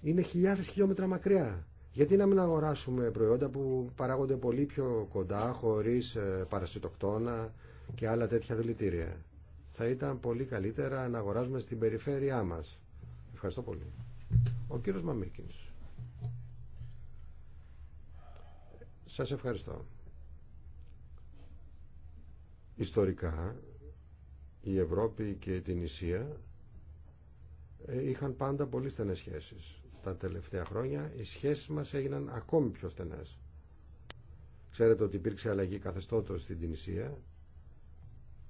είναι χιλιάδες χιλιόμετρα μακριά. Γιατί να μην αγοράσουμε προϊόντα που παράγονται πολύ πιο κοντά, χωρίς ε, παρασυτοκτόνα και άλλα τέτοια δηλητήρια. Θα ήταν πολύ καλύτερα να αγοράζουμε στην περιφέρειά μας. Ευχαριστώ πολύ. Ο κύριος Μαμίκης. Σας ευχαριστώ. Ιστορικά, η Ευρώπη και την Ισία ε, είχαν πάντα πολύ στενές σχέσεις τα τελευταία χρόνια οι σχέσεις μας έγιναν ακόμη πιο στενές. Ξέρετε ότι υπήρξε αλλαγή καθεστώτος στην Τινησία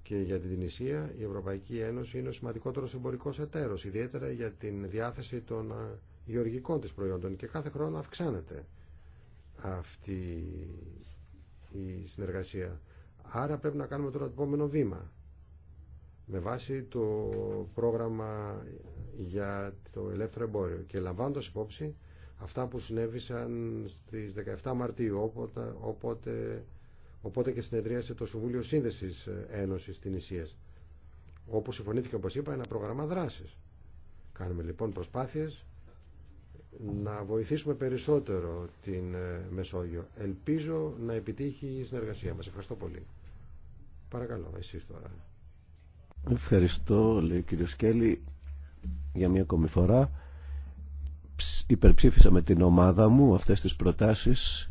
και για την Τινησία η Ευρωπαϊκή Ένωση είναι ο σημαντικότερος εμπορικός εταίρος, ιδιαίτερα για την διάθεση των γεωργικών της προϊόντων και κάθε χρόνο αυξάνεται αυτή η συνεργασία. Άρα πρέπει να κάνουμε τώρα το επόμενο βήμα με βάση το πρόγραμμα για το ελεύθερο εμπόριο και λαμβάνοντας υπόψη αυτά που συνέβησαν στις 17 Μαρτίου όποτε, όποτε, όποτε και συνεδρίασε το Συμβούλιο Σύνδεσης Ένωσης στην Ισίας όπου συμφωνήθηκε όπως είπα ένα πρόγραμμα δράσης κάνουμε λοιπόν προσπάθειες να βοηθήσουμε περισσότερο την ε, Μεσόγειο ελπίζω να επιτύχει η συνεργασία μας ευχαριστώ πολύ παρακαλώ εσείς τώρα Ευχαριστώ, λέει ο Σκέλη, για μια ακόμη φορά. Υπερψήφισα με την ομάδα μου αυτές τις προτάσεις.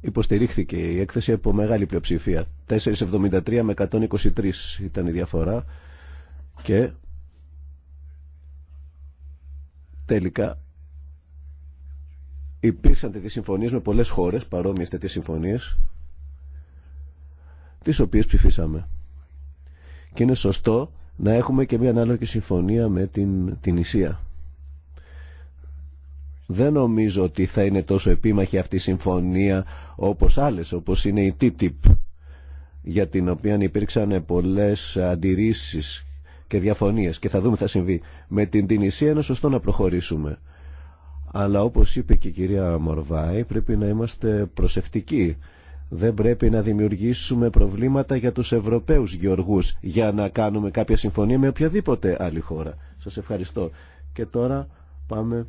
Υποστηρίχθηκε η έκθεση από μεγάλη πλειοψηφία. 4,73 με 123 ήταν η διαφορά και τελικά υπήρξαν τέτοιες συμφωνίες με πολλές χώρες, παρόμοιες τέτοιες συμφωνίες, τις οποίες ψηφίσαμε και είναι σωστό να έχουμε και μια ανάλογη συμφωνία με την, την Ισία. Δεν νομίζω ότι θα είναι τόσο επίμαχη αυτή η συμφωνία όπως άλλες, όπως είναι η TTIP, για την οποία υπήρξαν πολλές αντιρρήσεις και διαφωνίες και θα δούμε θα συμβεί. Με την Ισία είναι σωστό να προχωρήσουμε. Αλλά όπως είπε και η κυρία Μορβάη πρέπει να είμαστε προσεκτικοί δεν πρέπει να δημιουργήσουμε προβλήματα για τους Ευρωπαίους γεωργούς για να κάνουμε κάποια συμφωνία με οποιαδήποτε άλλη χώρα. Σας ευχαριστώ. Και τώρα πάμε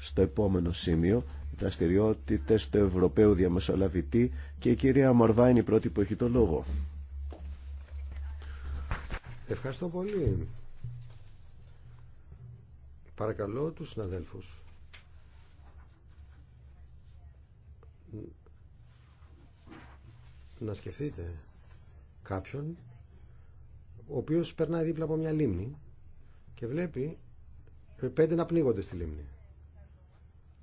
στο επόμενο σημείο δραστηριότητε του Ευρωπαίου Διαμεσολαβητή και η κυρία Μορβά είναι η πρώτη που έχει το λόγο. Ευχαριστώ πολύ. Παρακαλώ τους συναδέλφους να σκεφτείτε κάποιον ο οποίος περνάει δίπλα από μια λίμνη και βλέπει ε, πέντε να πνίγονται στη λίμνη.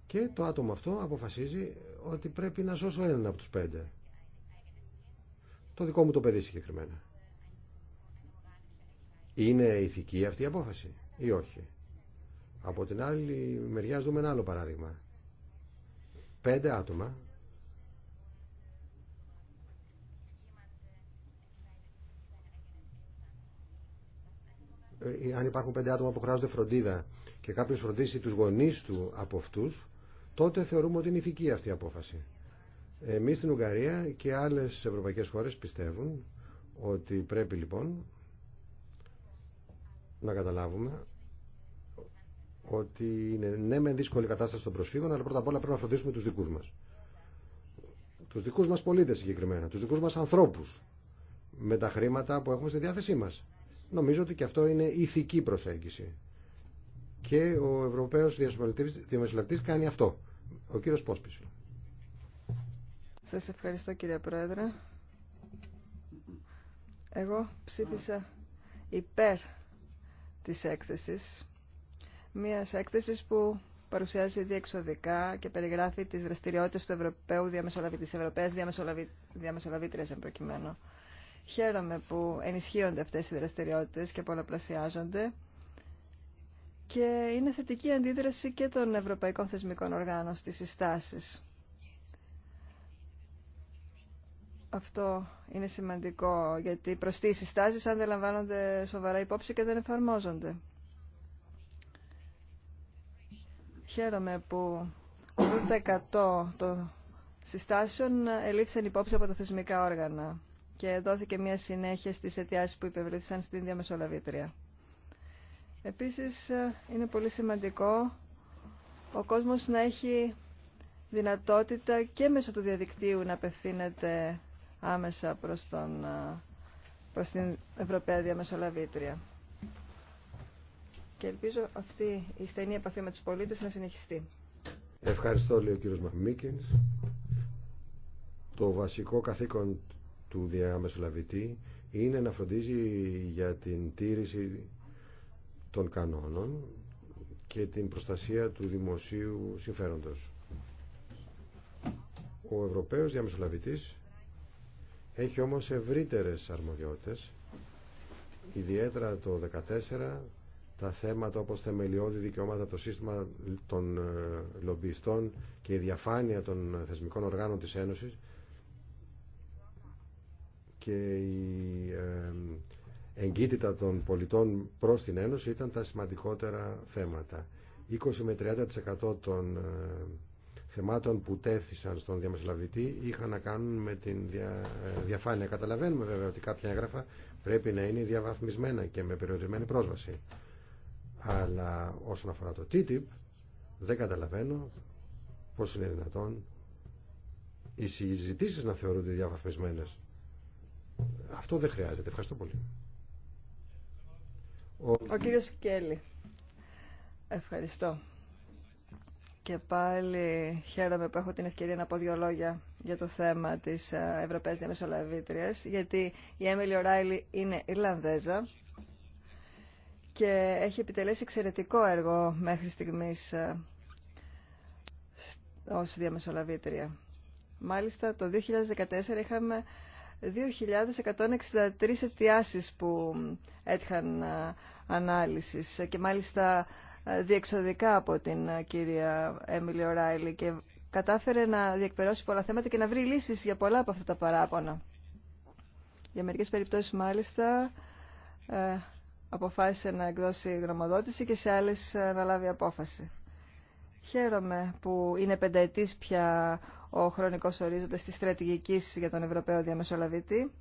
Και το άτομο αυτό αποφασίζει ότι πρέπει να σώσω έναν από τους πέντε. Το δικό μου το παιδί συγκεκριμένα. Είναι ηθική αυτή η απόφαση ή όχι. Από την άλλη μεριά δούμε ένα άλλο παράδειγμα. Πέντε άτομα Ε, αν υπάρχουν πέντε άτομα που χρειάζονται φροντίδα και κάποιο φροντίσει του γονεί του από αυτού, τότε θεωρούμε ότι είναι ηθική αυτή η απόφαση. Εμεί στην Ουγγαρία και άλλε ευρωπαϊκέ χώρε πιστεύουν ότι πρέπει λοιπόν να καταλάβουμε ότι είναι ναι με δύσκολη κατάσταση των προσφύγων, αλλά πρώτα απ' όλα πρέπει να φροντίσουμε του δικού μα. Του δικού μα πολίτε συγκεκριμένα, του δικού μα ανθρώπου με τα χρήματα που έχουμε στη διάθεσή μας. Νομίζω ότι και αυτό είναι ηθική προσέγγιση. Και ο Ευρωπαίος Διαμεσολαβητής κάνει αυτό. Ο κύριος Πόσπης. Σας ευχαριστώ κύριε Πρόεδρε. Εγώ ψήφισα υπέρ της έκθεσης. Μιας έκθεσης που παρουσιάζει διεξοδικά και περιγράφει τις δραστηριότητες του Ευρωπαίου Διαμεσολαβητής, Ευρωπαίας Διαμεσολαβη... Διαμεσολαβήτριας εν Χαίρομαι που ενισχύονται αυτές οι δραστηριότητες και πολλαπλασιάζονται και είναι θετική αντίδραση και των Ευρωπαϊκών Θεσμικών Οργάνων στις συστάσεις. Αυτό είναι σημαντικό, γιατί προς τι συστάσεις αν δεν λαμβάνονται σοβαρά υπόψη και δεν εφαρμόζονται. Χαίρομαι που 80% των συστάσεων ελήφθησαν υπόψη από τα θεσμικά όργανα και δόθηκε μια συνέχεια στις αιτιάσεις που υπευρέθησαν στην διαμεσολαβήτρια. Επίσης, ε, είναι πολύ σημαντικό ο κόσμος να έχει δυνατότητα και μέσω του διαδικτύου να απευθύνεται άμεσα προς, τον, ε, προς την Ευρωπαία Διαμεσολαβήτρια. Και ελπίζω αυτή η στενή επαφή με τους πολίτες να συνεχιστεί. Ευχαριστώ, λέει ο κύριος Το βασικό καθήκον του διαμεσολαβητή είναι να φροντίζει για την τήρηση των κανόνων και την προστασία του δημοσίου συμφέροντος. Ο Ευρωπαίος διαμεσολαβητής έχει όμως ευρύτερες αρμοδιότητες, ιδιαίτερα το 2014 τα θέματα όπως θεμελιώδη δικαιώματα, το σύστημα των ε, λομπιστών και η διαφάνεια των θεσμικών οργάνων της Ένωσης και η εγκύτητα των πολιτών προς την Ένωση ήταν τα σημαντικότερα θέματα. 20 με 30% των θεμάτων που τέθησαν στον διαμεσολαβητή είχαν να κάνουν με την ε, διαφάνεια. Καταλαβαίνουμε βέβαια ότι κάποια έγγραφα πρέπει να είναι διαβαθμισμένα και με περιορισμένη πρόσβαση. Αλλά όσον αφορά το TTIP δεν καταλαβαίνω πώς είναι δυνατόν οι συζητήσεις να θεωρούνται διαβαθμισμένες. Αυτό δεν χρειάζεται. Ευχαριστώ πολύ. Ο, Ο κύριος Κέλλη. Ευχαριστώ. Και πάλι χαίρομαι που έχω την ευκαιρία να πω δύο λόγια για το θέμα της ε, Ευρωπαίας Διαμεσολαβήτριας, γιατί η Έμιλι Οράιλι είναι Ιρλανδέζα και έχει επιτελέσει εξαιρετικό έργο μέχρι στιγμής ε, ως διαμεσολαβήτρια. Μάλιστα, το 2014 είχαμε 2.163 αιτιάσεις που έτυχαν ανάλυσης και μάλιστα διεξοδικά από την κυρία Έμιλι Ράιλι και κατάφερε να διεκπαιρώσει πολλά θέματα και να βρει λύσεις για πολλά από αυτά τα παράπονα. Για μερικές περιπτώσεις μάλιστα ε, αποφάσισε να εκδώσει γνωμοδότηση και σε άλλες ε, να λάβει απόφαση. Χαίρομαι που είναι πενταετής πια ο χρονικός ορίζοντας της στρατηγικής για τον Ευρωπαίο Διαμεσολαβητή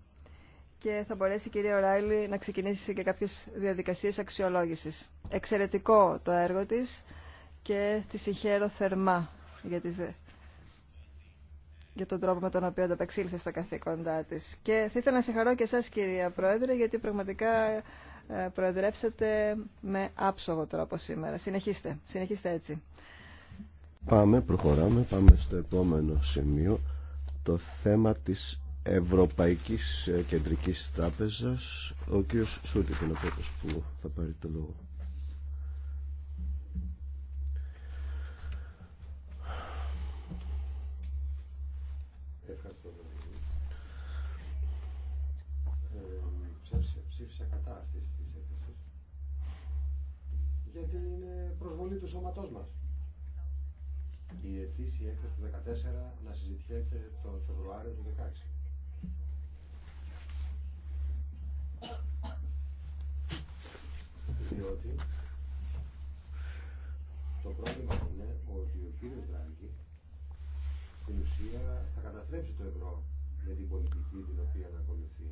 και θα μπορέσει η κυρία Ράιλι να ξεκινήσει και κάποιες διαδικασίες αξιολόγησης. Εξαιρετικό το έργο της και τη συγχαίρω θερμά για, τις... για τον τρόπο με τον οποίο ανταπεξήλθε στα καθήκοντά της. Και θα ήθελα να συγχαρώ και εσάς κυρία Πρόεδρε γιατί πραγματικά ε, προεδρεύσατε με άψογο τρόπο σήμερα. Συνεχίστε, συνεχίστε έτσι. Πάμε, προχωράμε, πάμε στο επόμενο σημείο το θέμα της Ευρωπαϊκής Κεντρικής Τράπεζας ο κύριος Σούτη είναι που θα πάρει το λόγο αρχίσει η έκθεση του 2014 να συζητιέται το Φεβρουάριο του 2016. Διότι το πρόβλημα είναι ότι ο κύριος Δράγκη στην ουσία θα καταστρέψει το ευρώ με την πολιτική την οποία να ακολουθεί.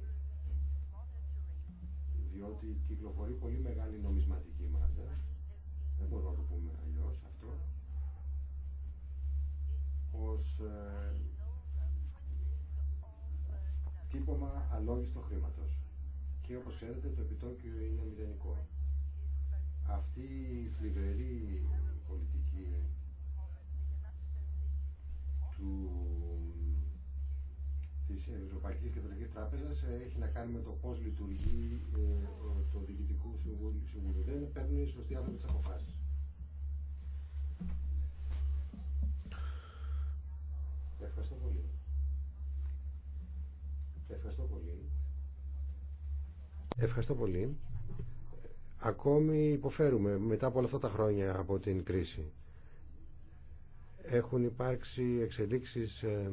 Διότι κυκλοφορεί πολύ μεγάλη νομισματική μάζα, δεν μπορούμε να το πούμε αλλιώς αυτό, ως ε, τύπομα αλόγιστο χρήματος. Και όπως ξέρετε το επιτόκιο είναι μηδενικό. Αυτή η φλιβερή πολιτική του, της Ευρωπαϊκής Κεντρικής Τράπεζας έχει να κάνει με το πώς λειτουργεί ε, το Διοικητικό Συμβούλιο. Δεν παίρνουν οι σωστοί άνθρωποι τις αποφάσεις. Ευχαριστώ πολύ. Ακόμη υποφέρουμε μετά από όλα αυτά τα χρόνια από την κρίση. Έχουν υπάρξει εξελίξεις ε,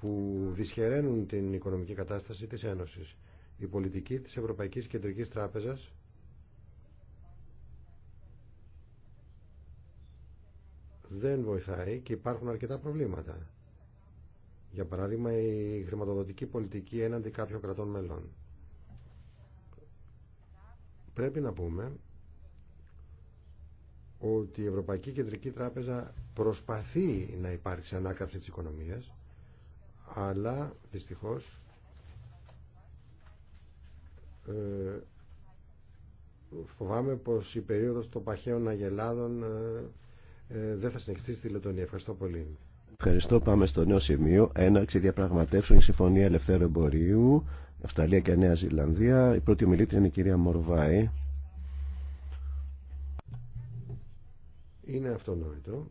που δυσχεραίνουν την οικονομική κατάσταση της Ένωσης. Η πολιτική της Ευρωπαϊκής Κεντρικής Τράπεζας δεν βοηθάει και υπάρχουν αρκετά προβλήματα. Για παράδειγμα, η χρηματοδοτική πολιτική έναντι κάποιων κρατών μελών πρέπει να πούμε ότι η Ευρωπαϊκή Κεντρική Τράπεζα προσπαθεί να υπάρξει ανάκαμψη της οικονομίας αλλά δυστυχώς ε, φοβάμαι πως η περίοδος των παχαίων αγελάδων ε, ε, δεν θα συνεχιστεί στη Λετωνία. Ευχαριστώ πολύ. Ευχαριστώ. Πάμε στο νέο σημείο. Έναρξη διαπραγματεύσεων η Συμφωνία Ελευθέρου Εμπορίου Αυστραλία και Νέα Ζηλανδία. Η πρώτη ομιλήτρια είναι η κυρία Μορβάη. Είναι αυτονόητο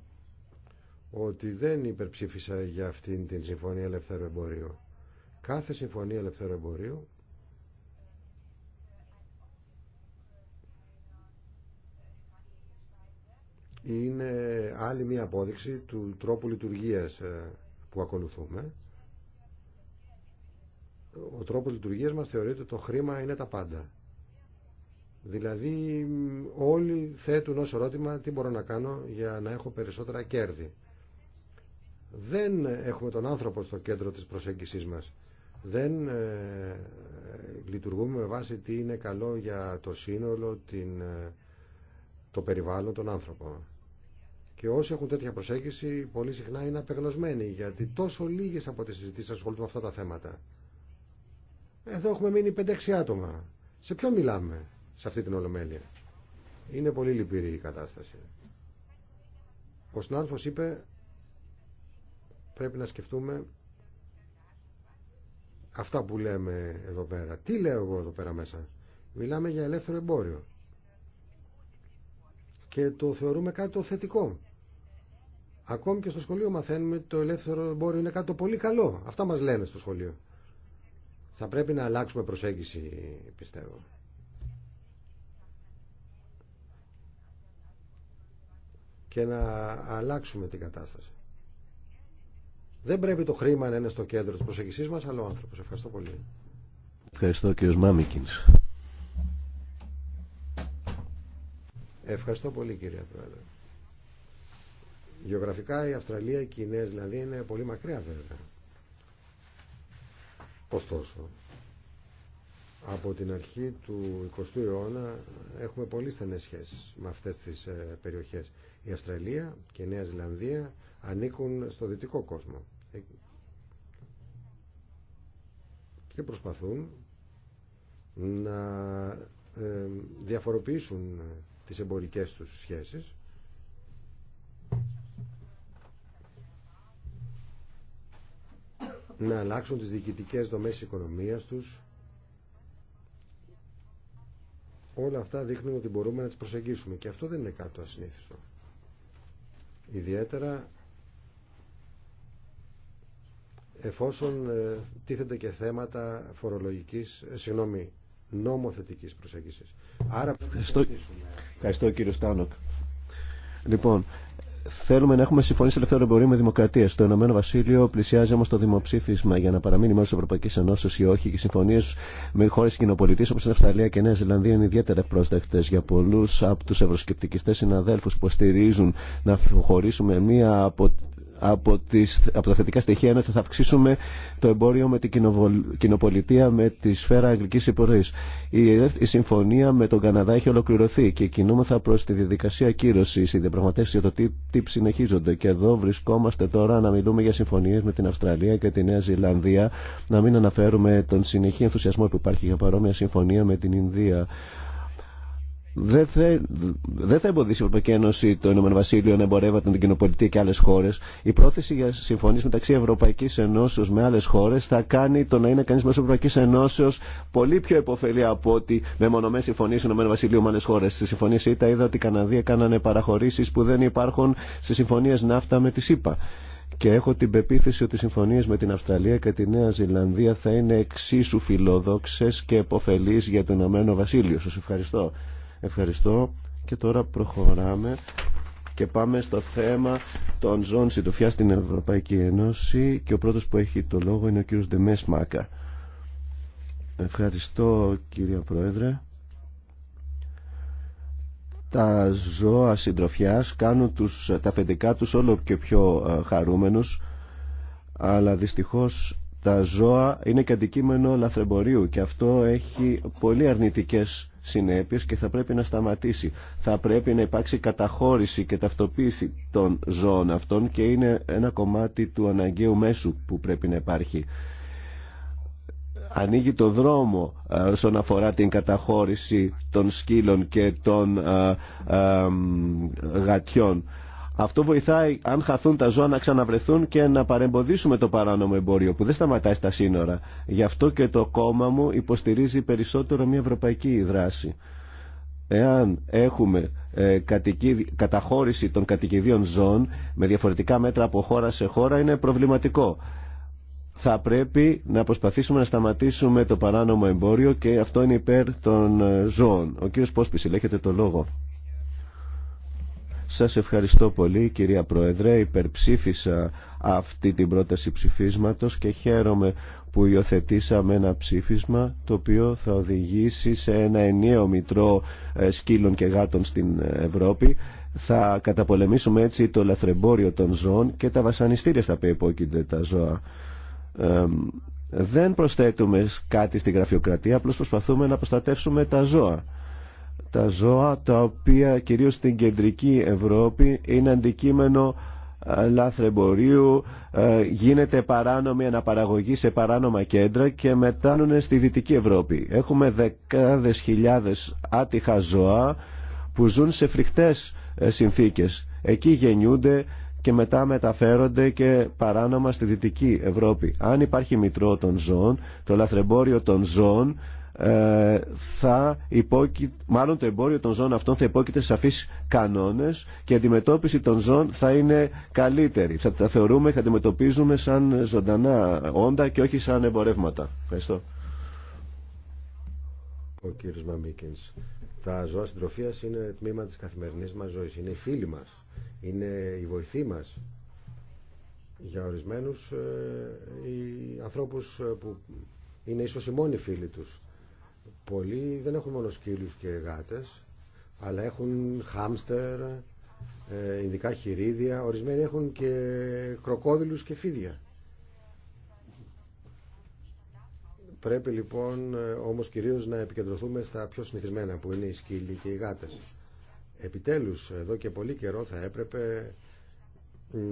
ότι δεν υπερψήφισα για αυτήν την Συμφωνία Ελευθέρου Εμπορίου. Κάθε Συμφωνία Ελευθέρου Εμπορίου είναι άλλη μία απόδειξη του τρόπου λειτουργίας ε, που ακολουθούμε ο τρόπος λειτουργίας μας θεωρείται ότι το χρήμα είναι τα πάντα. Δηλαδή όλοι θέτουν ως ερώτημα τι μπορώ να κάνω για να έχω περισσότερα κέρδη. Δεν έχουμε τον άνθρωπο στο κέντρο της προσέγγισής μας. Δεν ε, λειτουργούμε με βάση τι είναι καλό για το σύνολο, την, ε, το περιβάλλον, τον άνθρωπο. Και όσοι έχουν τέτοια προσέγγιση πολύ συχνά είναι απεγνωσμένοι γιατί τόσο λίγες από τις συζητήσεις ασχολούνται με αυτά τα θέματα. Εδώ έχουμε μείνει 5-6 άτομα. Σε ποιον μιλάμε σε αυτή την Ολομέλεια. Είναι πολύ λυπηρή η κατάσταση. Ο συνάδελφος είπε πρέπει να σκεφτούμε αυτά που λέμε εδώ πέρα. Τι λέω εγώ εδώ πέρα μέσα. Μιλάμε για ελεύθερο εμπόριο. Και το θεωρούμε κάτι το θετικό. Ακόμη και στο σχολείο μαθαίνουμε ότι το ελεύθερο εμπόριο είναι κάτι το πολύ καλό. Αυτά μας λένε στο σχολείο. Θα πρέπει να αλλάξουμε προσέγγιση, πιστεύω. Και να αλλάξουμε την κατάσταση. Δεν πρέπει το χρήμα να είναι στο κέντρο της προσέγγισής μας, αλλά ο άνθρωπος. Ευχαριστώ πολύ. Ευχαριστώ κύριος Μάμικινς. Ευχαριστώ πολύ κύριε Πρόεδρε. Γεωγραφικά η Αυστραλία και η Νέα είναι πολύ μακριά βέβαια. Ωστόσο, από την αρχή του 20ου αιώνα έχουμε πολύ στενές σχέσεις με αυτές τις ε, περιοχές. Η Αυστραλία και η Νέα Ζηλανδία ανήκουν στο δυτικό κόσμο ε, και προσπαθούν να ε, διαφοροποιήσουν τις εμπορικές τους σχέσεις να αλλάξουν τις διοικητικές δομές της οικονομίας τους. Όλα αυτά δείχνουν ότι μπορούμε να τις προσεγγίσουμε και αυτό δεν είναι κάτι ασυνήθιστο. Ιδιαίτερα εφόσον ε, τίθενται και θέματα φορολογικής, ε, συγγνώμη, νομοθετικής προσέγγισης. Άρα... Ευχαριστώ, Ευχαριστώ κύριο Στάνοκ. Λοιπόν, θέλουμε να έχουμε συμφωνήσει ελευθερία εμπορίο με δημοκρατία. Το Ηνωμένο Βασίλειο πλησιάζει όμω το δημοψήφισμα για να παραμείνει μέρο τη Ευρωπαϊκή συμφωνίε με χώρε κοινοπολιτή όπω ή όχι. Και συμφωνίε με χώρε κοινοπολιτή όπω η Αυστραλία και η Νέα Ζηλανδία είναι ιδιαίτερα πρόσδεκτε για πολλού από του ευρωσκεπτικιστέ συναδέλφου που στηρίζουν να χωρίσουμε μία από από, τις, από τα θετικά στοιχεία είναι ότι θα αυξήσουμε το εμπόριο με την κοινοπολιτεία με τη σφαίρα αγγλικής υπορροής. Η, η συμφωνία με τον Καναδά έχει ολοκληρωθεί και κινούμεθα προς τη διαδικασία κύρωσης. Οι διαπραγματεύσεις για το TIP συνεχίζονται και εδώ βρισκόμαστε τώρα να μιλούμε για συμφωνίες με την Αυστραλία και τη Νέα Ζηλανδία να μην αναφέρουμε τον συνεχή ενθουσιασμό που υπάρχει για παρόμοια συμφωνία με την Ινδία δεν θα, δε θα εμποδίσει η Ευρωπαϊκή Ένωση το Ηνωμένο Βασίλειο να εμπορεύεται με την κοινοπολιτεία και άλλε χώρε. Η πρόθεση για συμφωνίε μεταξύ Ευρωπαϊκή Ενώσεω με άλλε χώρε θα κάνει το να είναι κανεί μέσω Ευρωπαϊκή Ενώσεω πολύ πιο υποφελή από ότι με μονομέ συμφωνίε του Ηνωμένου Βασιλείου με άλλε χώρε. Στη συμφωνία ΣΥΤΑ είδα ότι οι Καναδοί έκαναν παραχωρήσει που δεν υπάρχουν στι συμφωνίε ναύτα με τη ΣΥΠΑ. Και έχω την πεποίθηση ότι οι συμφωνίε με την Αυστραλία και τη Νέα Ζηλανδία θα είναι εξίσου φιλόδοξε και επωφελεί για το Ηνωμένο Βασίλειο. Σα ευχαριστώ. Ευχαριστώ και τώρα προχωράμε και πάμε στο θέμα των ζώων συντοφιάς στην Ευρωπαϊκή Ένωση και ο πρώτος που έχει το λόγο είναι ο κύριος Ντεμές Μάκα. Ευχαριστώ κύριε Πρόεδρε. Τα ζώα συντροφιάς κάνουν τους, τα παιδικά τους όλο και πιο ε, χαρούμενους αλλά δυστυχώς τα ζώα είναι και αντικείμενο λαθρεμπορίου και αυτό έχει πολύ αρνητικές συνέπειες και θα πρέπει να σταματήσει. Θα πρέπει να υπάρξει καταχώρηση και ταυτοποίηση των ζώων αυτών και είναι ένα κομμάτι του αναγκαίου μέσου που πρέπει να υπάρχει. Ανοίγει το δρόμο ε, όσον αφορά την καταχώρηση των σκύλων και των ε, ε, γατιών αυτό βοηθάει αν χαθούν τα ζώα να ξαναβρεθούν και να παρεμποδίσουμε το παράνομο εμπόριο που δεν σταματάει στα σύνορα. Γι' αυτό και το κόμμα μου υποστηρίζει περισσότερο μια ευρωπαϊκή δράση. Εάν έχουμε ε, καταχώρηση των κατοικιδίων ζώων με διαφορετικά μέτρα από χώρα σε χώρα είναι προβληματικό. Θα πρέπει να προσπαθήσουμε να σταματήσουμε το παράνομο εμπόριο και αυτό είναι υπέρ των ε, ζώων. Ο κύριος Πόσπης, ελέγχεται το λόγο. Σας ευχαριστώ πολύ κυρία Πρόεδρε, υπερψήφισα αυτή την πρόταση ψηφίσματος και χαίρομαι που υιοθετήσαμε ένα ψήφισμα το οποίο θα οδηγήσει σε ένα ενιαίο μητρό ε, σκύλων και γάτων στην Ευρώπη. Θα καταπολεμήσουμε έτσι το λαθρεμπόριο των ζώων και τα βασανιστήρια στα οποία υπόκεινται τα ζώα. δεν προσθέτουμε κάτι στην γραφειοκρατία, απλώς προσπαθούμε να προστατεύσουμε τα ζώα τα ζώα τα οποία κυρίως στην κεντρική Ευρώπη είναι αντικείμενο ε, λάθρεμπορίου, ε, γίνεται παράνομη αναπαραγωγή σε παράνομα κέντρα και μετάνουν στη Δυτική Ευρώπη. Έχουμε δεκάδες χιλιάδες άτυχα ζώα που ζουν σε φρικτές ε, συνθήκες. Εκεί γεννιούνται και μετά μεταφέρονται και παράνομα στη Δυτική Ευρώπη. Αν υπάρχει μητρό των ζώων, το λαθρεμπόριο των ζώων ε, θα υπόκει, μάλλον το εμπόριο των ζώων αυτών θα υπόκειται σε σαφείς κανόνες και η αντιμετώπιση των ζώων θα είναι καλύτερη. Θα τα θεωρούμε, θα αντιμετωπίζουμε σαν ζωντανά όντα και όχι σαν εμπορεύματα. Ευχαριστώ. Ο κύριος Μαμίκινς. Τα ζώα συντροφίας είναι τμήμα της καθημερινής μας ζωής. Είναι οι φίλοι μας. Είναι η βοηθή μας. Για ορισμένους ε, οι ανθρώπους ε, που είναι ίσως οι μόνοι φίλοι τους πολλοί δεν έχουν μόνο σκύλους και γάτες, αλλά έχουν χάμστερ, ε, ειδικά χειρίδια, ορισμένοι έχουν και κροκόδιλους και φίδια. Πρέπει λοιπόν ε, όμως κυρίως να επικεντρωθούμε στα πιο συνηθισμένα που είναι οι σκύλοι και οι γάτες. Επιτέλους εδώ και πολύ καιρό θα έπρεπε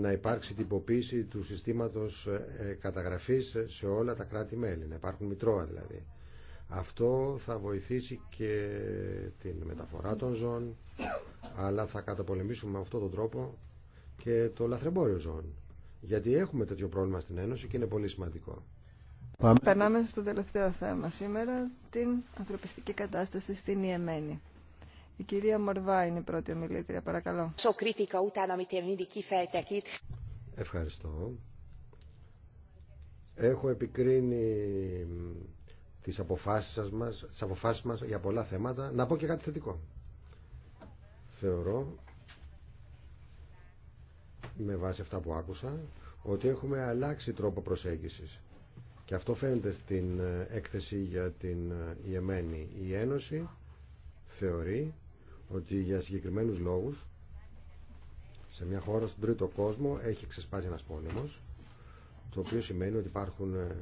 να υπάρξει τυποποίηση του συστήματος ε, καταγραφής σε όλα τα κράτη-μέλη, να υπάρχουν μητρώα δηλαδή. Αυτό θα βοηθήσει και την μεταφορά των ζών αλλά θα καταπολεμήσουμε με αυτόν τον τρόπο και το λαθρεμπόριο ζώων. Γιατί έχουμε τέτοιο πρόβλημα στην Ένωση και είναι πολύ σημαντικό. Περνάμε στο τελευταίο θέμα σήμερα, την ανθρωπιστική κατάσταση στην Ιεμένη. Η κυρία Μορβά είναι η πρώτη ομιλήτρια, παρακαλώ. Ευχαριστώ. Έχω επικρίνει τις αποφάσεις μας, τις αποφάσεις μας για πολλά θέματα. Να πω και κάτι θετικό. Θεωρώ, με βάση αυτά που άκουσα, ότι έχουμε αλλάξει τρόπο προσέγγισης. Και αυτό φαίνεται στην ε, έκθεση για την Ιεμένη. Ε, η Ένωση θεωρεί ότι για συγκεκριμένους λόγους σε μια χώρα στον τρίτο κόσμο έχει ξεσπάσει ένας πόλεμος το οποίο σημαίνει ότι υπάρχουν ε,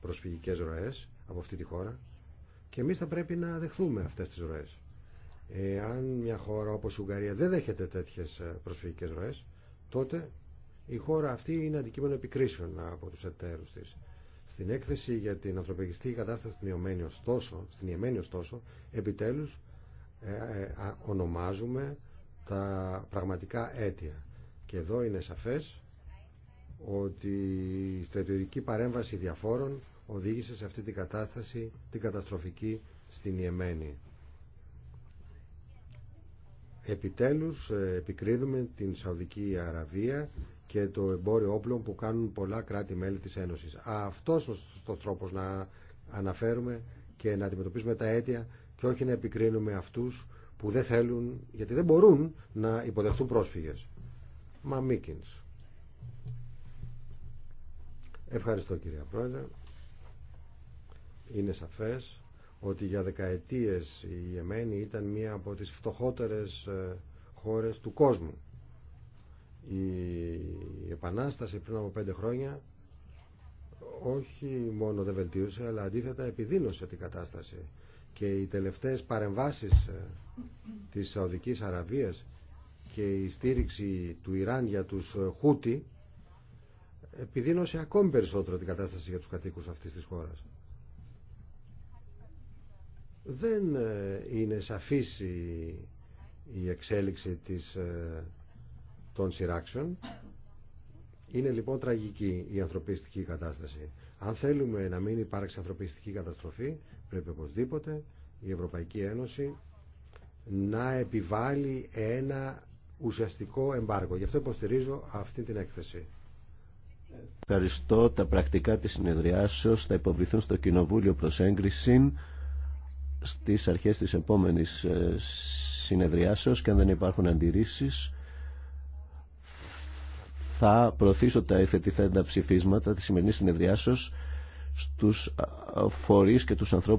προσφυγικές ροές από αυτή τη χώρα και εμείς θα πρέπει να δεχθούμε αυτές τις ροές. Εάν μια χώρα όπως η Ουγγαρία δεν δέχεται τέτοιες ε, προσφυγικές ροές, τότε η χώρα αυτή είναι αντικείμενο επικρίσεων από τους εταίρους της. Στην έκθεση για την ανθρωπιστική κατάσταση στην Ιεμένη ωστόσο, στην Ιωμένη ωστόσο επιτέλους ε, ε ονομάζουμε τα πραγματικά αίτια. Και εδώ είναι σαφές ότι η στρατιωτική παρέμβαση διαφόρων οδήγησε σε αυτή την κατάσταση, την καταστροφική στην Ιεμένη. Επιτέλους ε, επικρίνουμε την Σαουδική Αραβία και το εμπόριο όπλων που κάνουν πολλά κράτη-μέλη της Ένωσης. Αυτός ο τρόπος να αναφέρουμε και να αντιμετωπίσουμε τα αίτια και όχι να επικρίνουμε αυτούς που δεν θέλουν, γιατί δεν μπορούν να υποδεχτούν πρόσφυγες. Μα Μίκινς. Ευχαριστώ κυρία Πρόεδρε. Είναι σαφές ότι για δεκαετίες η Εμένη ήταν μία από τις φτωχότερες ε, χώρες του κόσμου. Η επανάσταση πριν από πέντε χρόνια όχι μόνο δεν βελτίωσε, αλλά αντίθετα επιδίνωσε την κατάσταση. Και οι τελευταίες παρεμβάσεις ε, της Σαουδικής Αραβίας και η στήριξη του Ιράν για τους ε, Χούτι επιδίνωσε ακόμη περισσότερο την κατάσταση για τους κατοίκους αυτής της χώρας δεν ε, είναι σαφής η εξέλιξη της, ε, των σειράξεων. Είναι λοιπόν τραγική η ανθρωπιστική κατάσταση. Αν θέλουμε να μην υπάρξει ανθρωπιστική καταστροφή, πρέπει οπωσδήποτε η Ευρωπαϊκή Ένωση να επιβάλλει ένα ουσιαστικό εμπάργο. Γι' αυτό υποστηρίζω αυτή την έκθεση. Ευχαριστώ. Τα πρακτικά της συνεδριάσεως θα υποβληθούν στο Κοινοβούλιο προς έγκριση στις αρχές της επόμενης ε, συνεδριάσεως και αν δεν υπάρχουν αντιρρήσεις θα προωθήσω τα εθετηθέντα ψηφίσματα της σημερινής συνεδριάσεως στους ε, φορείς και τους ανθρώπους